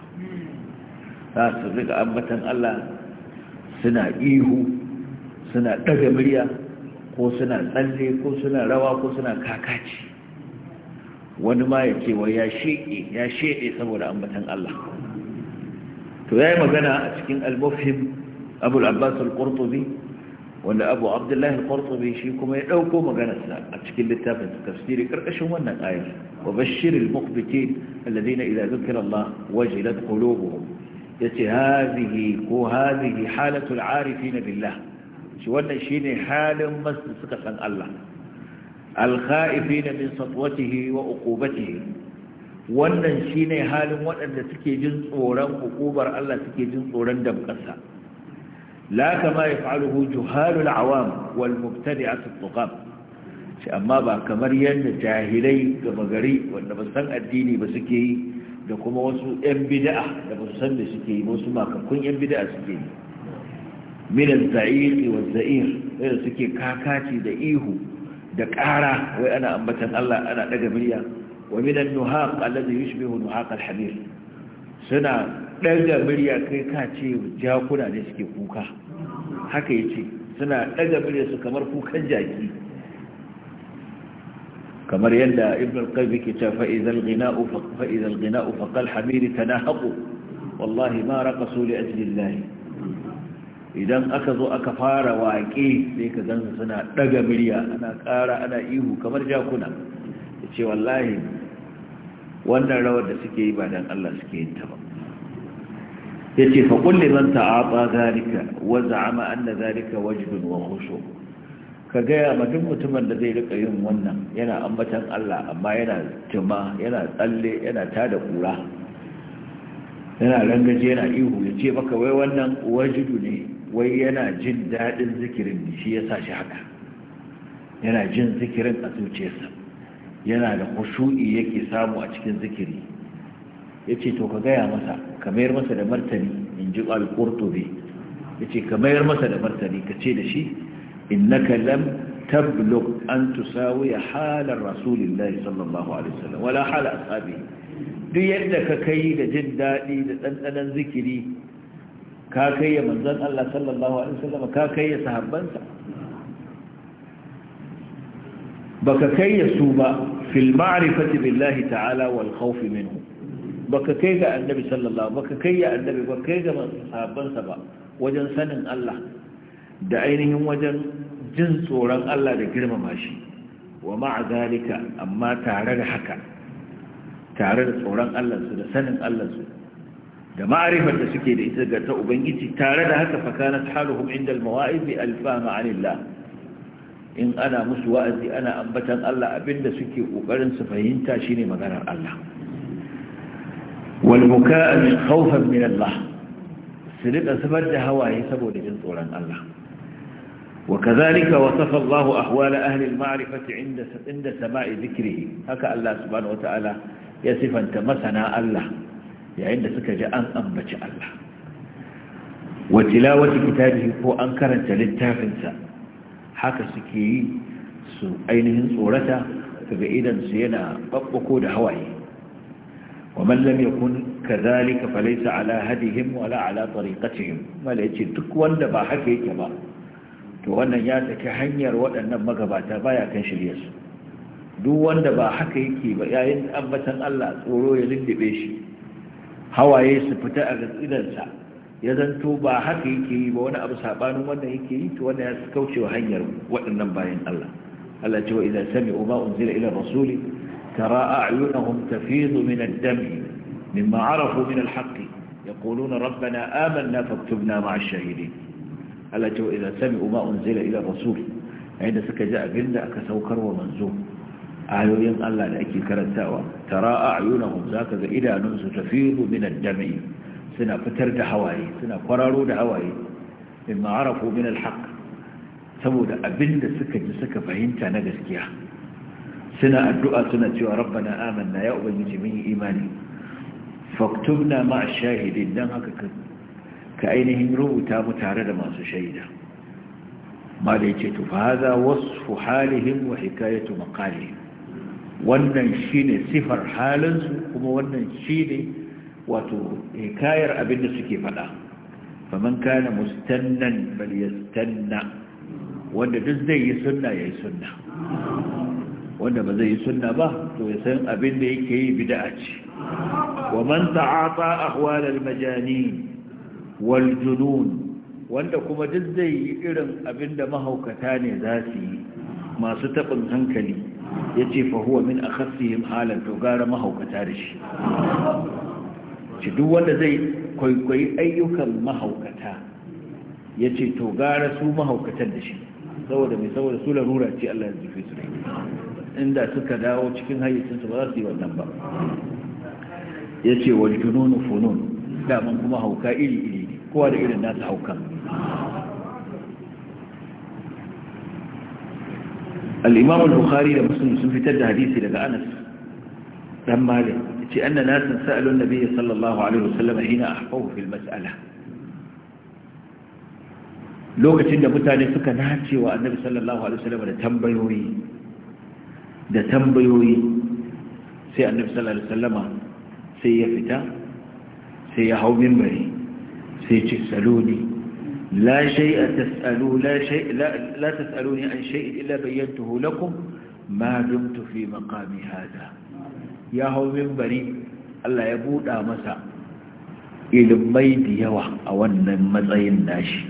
za su riga ambatan Allah suna ihu suna ɗaga murya ko suna tsalle ko suna rawa ko suna kakaci wani ma ya ce wa ya sheƙe ya saboda ambatan Allah to ya yi magana a cikin al abu al-abbas al-qurtubi wanda abu abdullahi al-qurtubi shi kuma ya ɗauko maganarsa a cikin littafin tafsiri ƙarƙashin wannan ayar wa bashir al-muqbitin alladhina idza dhukira Allah wajilat qulubuhum yace hazihi ko hazihi halatul arifin billah shi wannan shine halin masu suka san Allah al min satwatihi wa uqubatihi wannan shine halin waɗanda suke jin tsoron hukubar Allah suke jin tsoron damƙasa la kama ya juhalul awam wal mubtadi as shi amma ba kamar yadda jahilai gama gari wanda ba san addini ba suke yi da kuma wasu 'yan bida'a da ba su san da suke yi wasu makakkun 'yan bida'a suke yi minan za'iri wa za'ir yadda suke kakaci da ihu da ƙara wai ana ambatan Allah ana ɗaga murya wa minan nuhaq alladhi yushbihu nuhaq al suna ɗaga murya kai ka ce jakuna ne suke kuka haka yace suna ɗaga murya su kamar kukan jaki kamar yadda ibn al-qayyim ta fa'izal fa idhal ghina'u fa hamiri tanahaqu wallahi ma raqasu li ajli idan aka zo aka fara waƙe sai ka gansu suna daga murya ana ƙara ana ihu kamar jakuna yace wallahi wannan rawar da suke yi ba dan Allah suke yin ta ba yace fa qul liman ta'ata zalika wa za'ama anna zalika wajdun wa khushu' ka gaya ma duk mutumin da zai rika yin wannan yana ambatan Allah amma yana tuma yana tsalle yana tada kura yana rangaje yana ihu ya ce maka wai wannan wajidu ne wai yana jin daɗin zikirin da shi ya sa shi haka yana jin zikirin a zuciyarsa yana da kushu'i yake samu a cikin zikiri ya ce to ka gaya masa ka mayar masa da martani in ji alƙurtobe ya ce ka mayar masa da martani ka ce da shi إنك لم تبلغ أن تساوي حال الرسول الله صلى الله عليه وسلم ولا حال أصحابه دي عندك كي لجدة لأننا نذكري كاكي من ذن الله صلى الله عليه وسلم كاكي صحبا بك كي يسوب في المعرفة بالله تعالى والخوف منه بك النبي صلى الله عليه وسلم بك النبي بك كي من صحبا وجنسن الله da ainihin wajen jin tsoron Allah da girmama shi wa ma'a amma tare da haka tare da tsoron Allah su da sanin Allah su da ma'arifar da suke da ita ga ta ubangiji tare da haka fakanat haluhum inda almawa'izi alfa anillah. in ana musu wa'azi ana ambatan Allah abinda suke kokarin su fahimta shine maganar Allah wal buka'a min khawfan min Allah su rika zubar da hawaye saboda jin tsoron Allah وكذلك وصف الله أحوال أهل المعرفة عند عند سماء ذكره هكا الله سبحانه وتعالى يصف أنت مثنى الله عند سكجة أن أنبت الله وتلاوة كتابه هو أنكرت للتافنسة هكا سكي أينهن صورته فبعيدا سينا قبقود هوائي ومن لم يكن كذلك فليس على هديهم ولا على طريقتهم ما لأيش تكوان دبا حكيك بقى to wannan ya saki hanyar waɗannan magabata baya kan shiryarsu duk wanda ba haka yake ba yayin ambatan Allah tsoro ya lullube shi hawaye su fita a gatsidansa ya zanto ba haka yake yi ba wani abu saɓanin wannan yake yi to wannan ya kauce wa hanyar waɗannan bayan Allah Allah ce wa idza sami'u ma unzila ila rasuli tara a'yunahum tafidu min ad-dami mimma arafu min al yaquluna rabbana amanna faktubna ma'a ash-shahidin Allah ce idan sami'u ma unzila ila rasul yayin da suka ji abinda aka saukar wa manzo ayoyin Allah da ake karantawa tara za ka ga idanunsu tafiru min ad-dami suna fitar da hawaye suna kwararo da hawaye mimma ko min alhaq. saboda abinda suka ji suka fahimta na gaskiya suna addu'a suna cewa rabbana amanna ya ubangiji mun yi imani faktubna ma'a shahidin dan haka ka ainihin rubuta mu tare da masu shaida ma da yake to fa hadha wasfu wa hikayatu maqalihim wannan shine sifar halinsu kuma wannan ne wato hikayar abin da suke faɗa faman kana mustannan bal yastanna wanda duk zai yi sunna yi sunna wanda ba zai yi sunna ba to ya san abin da yake yi bida'a ce wa man ta'ata ahwal majanin wal wanda kuma duk zai yi irin abinda mahaukata ne za su yi masu taɓin hankali ya ce fahuwa min a khasihim halar to gara mahaukata da shi ci duk wanda zai kwaikwayi ayyukan mahaukata ya ce to gara su mahaukatan da shi saboda mai saboda su larura ce Allah ya zufe su ne inda suka dawo cikin hayyacinsu ba za su yi wannan ba ya ce wa jununu daman kuma hauka iri iri kowa da irin nasa haukan al-imam al-bukhari da muslim sun fitar da hadisi daga anas dan malik ce anna nasan sa'alu an-nabiy sallallahu alaihi wasallam hina ahfahu fil mas'ala lokacin da mutane suka nace wa annabi sallallahu alaihi wasallam da tambayoyi da tambayoyi sai annabi sallallahu alaihi wasallama sai ya fita sai ya hau minbari sai ce saloni la shay'a tas'alu la shay'a la an shay'in illa bayyanta lakum ma dumtu fi maqami hada ya hau minbari Allah ya buɗa masa ilimai da yawa a wannan matsayin nashi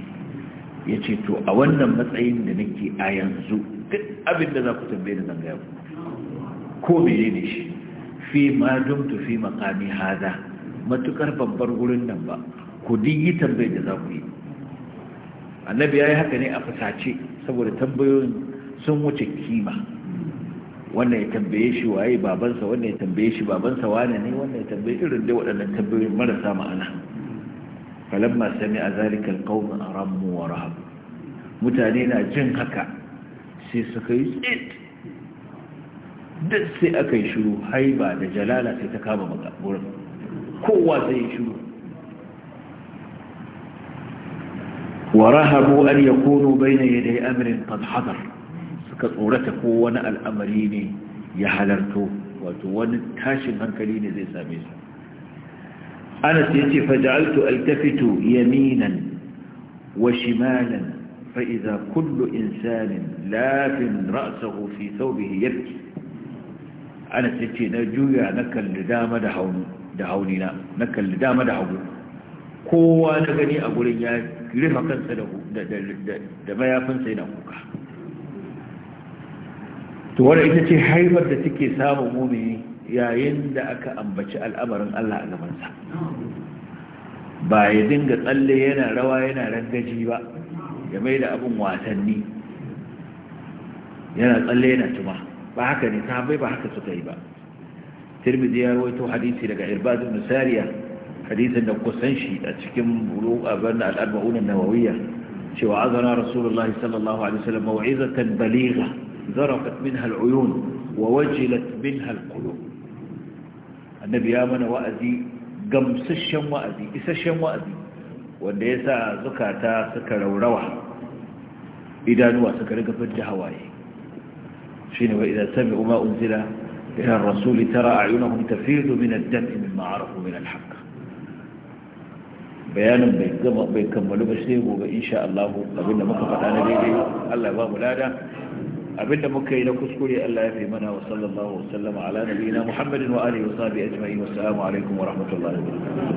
ya ce to a wannan matsayin da nake a yanzu duk abin da za ku tambaye da zan gaya ku ko mene ne shi fi ma dumtu fi maqami hada matukar babbar wurin nan ba ku yi tambayi da za ku yi annabi ya yi haka ne a fasace saboda tambayoyin sun wuce kima wannan ya tambaye shi waye babansa wannan ya tambaye shi babansa wane ne wannan ya tambaye irin dai waɗannan tambayoyin marasa ma'ana falamma sami a zalika alqawm arammu wa rahab mutane na jin haka sai suka yi tsit duk sai aka yi shiru haiba da jalala sai ta kama maka wurin. kowa zai yi shiru ورهبوا أن يكونوا بين يدي أمر قد حضر سكتورتك ونأى الأمرين يحلرتو وتوان تاشم هنكلين زي ساميس أنا سيتي فجعلت ألتفت يمينا وشمالا فإذا كل إنسان لاف رأسه في ثوبه يبكي أنا سيتي نجويا نكل دام دهوننا نكل دام دهوننا kowa na gani a gurin ya rufe kansa da mayafinsa yana kuka to wadda ita ce haifar da take samun mumini yayin da aka ambaci al'amarin Allah a gabansa ba ya dinga tsalle yana rawa yana rangaji ba ya mai da abin wasanni yana tsalle yana tuma ba haka ne bai ba haka suka yi ba Turbi ya rawaito hadisi daga irbad musariya hadisin da kusan shi a cikin bulu abin al'arba'un nawawiyya cewa azana rasulullahi sallallahu alaihi wasallam mau'izatan baligha zarafat minha al'uyun wa wajilat minha al-qulub annabi ya mana wa'azi gamsashen wa'azi isasshen wa'azi wanda ya sa zukata suka raurawa idanuwa suka riga fidda hawaye shine wa idan sami'u ma unzila ila rasuli tara a'yunahum tafidu min ad-dam'i mimma arafu min al-haqq bayanin bai gama bai kammalu ba sai gobe insha Allah abinda muka faɗa na daidai Allah ba mu lada abinda muka yi na kuskure Allah ya fi mana wa sallallahu wa sallama ala nabiyina Muhammadin wa alihi wa sahbihi ajma'in wa assalamu alaikum wa rahmatullahi wa barakatuh